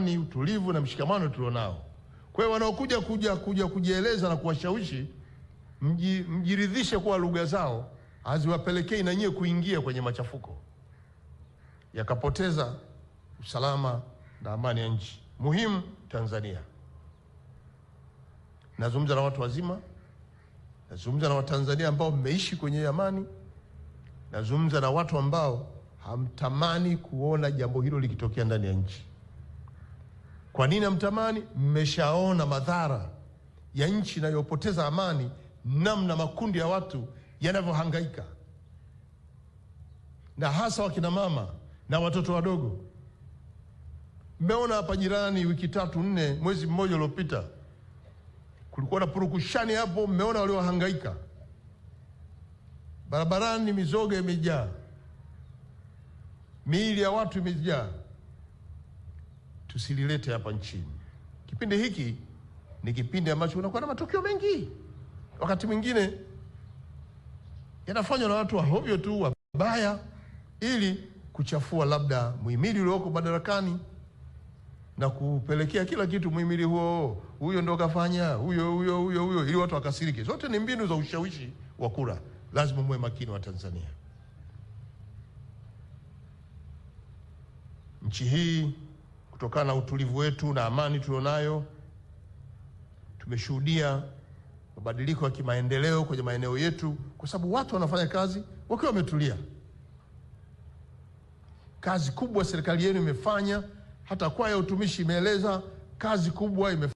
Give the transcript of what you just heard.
amani, utulivu na mshikamano tulionao. Kwa hiyo wanaokuja kuja kuja kujieleza na kuwashawishi mji, mjiridhishe kuwa lugha zao haziwapelekei na nyie kuingia kwenye machafuko yakapoteza usalama na amani ya nchi muhimu Tanzania. Nazungumza na watu wazima, nazungumza na Watanzania ambao mmeishi kwenye amani, nazungumza na watu ambao hamtamani kuona jambo hilo likitokea ndani ya nchi. Kwa nini amtamani? Mmeshaona madhara ya nchi inayopoteza amani, namna makundi ya watu yanavyohangaika, na hasa wakina mama na watoto wadogo. Mmeona hapa jirani, wiki tatu nne, mwezi mmoja uliopita, kulikuwa na purukushani hapo, mmeona waliohangaika barabarani, mizoga imejaa, miili ya watu imejaa tusililete hapa nchini. Kipindi hiki ni kipindi ambacho unakuwa na matukio mengi, wakati mwingine yanafanywa na watu wahovyo tu wabaya, ili kuchafua labda muhimili ulioko madarakani na kupelekea kila kitu muhimili huo, huyo ndo kafanya huyo huyo huyo huyo, ili watu wakasirike. Zote ni mbinu za ushawishi wa kura. Lazima muwe makini wa Tanzania, nchi hii Kutokana na utulivu wetu na amani tulionayo, tumeshuhudia mabadiliko ya kimaendeleo kwenye maeneo yetu, kwa sababu watu wanafanya kazi wakiwa wametulia. Kazi kubwa serikali yenu imefanya, hata kwaya ya utumishi imeeleza kazi kubwa imefanya.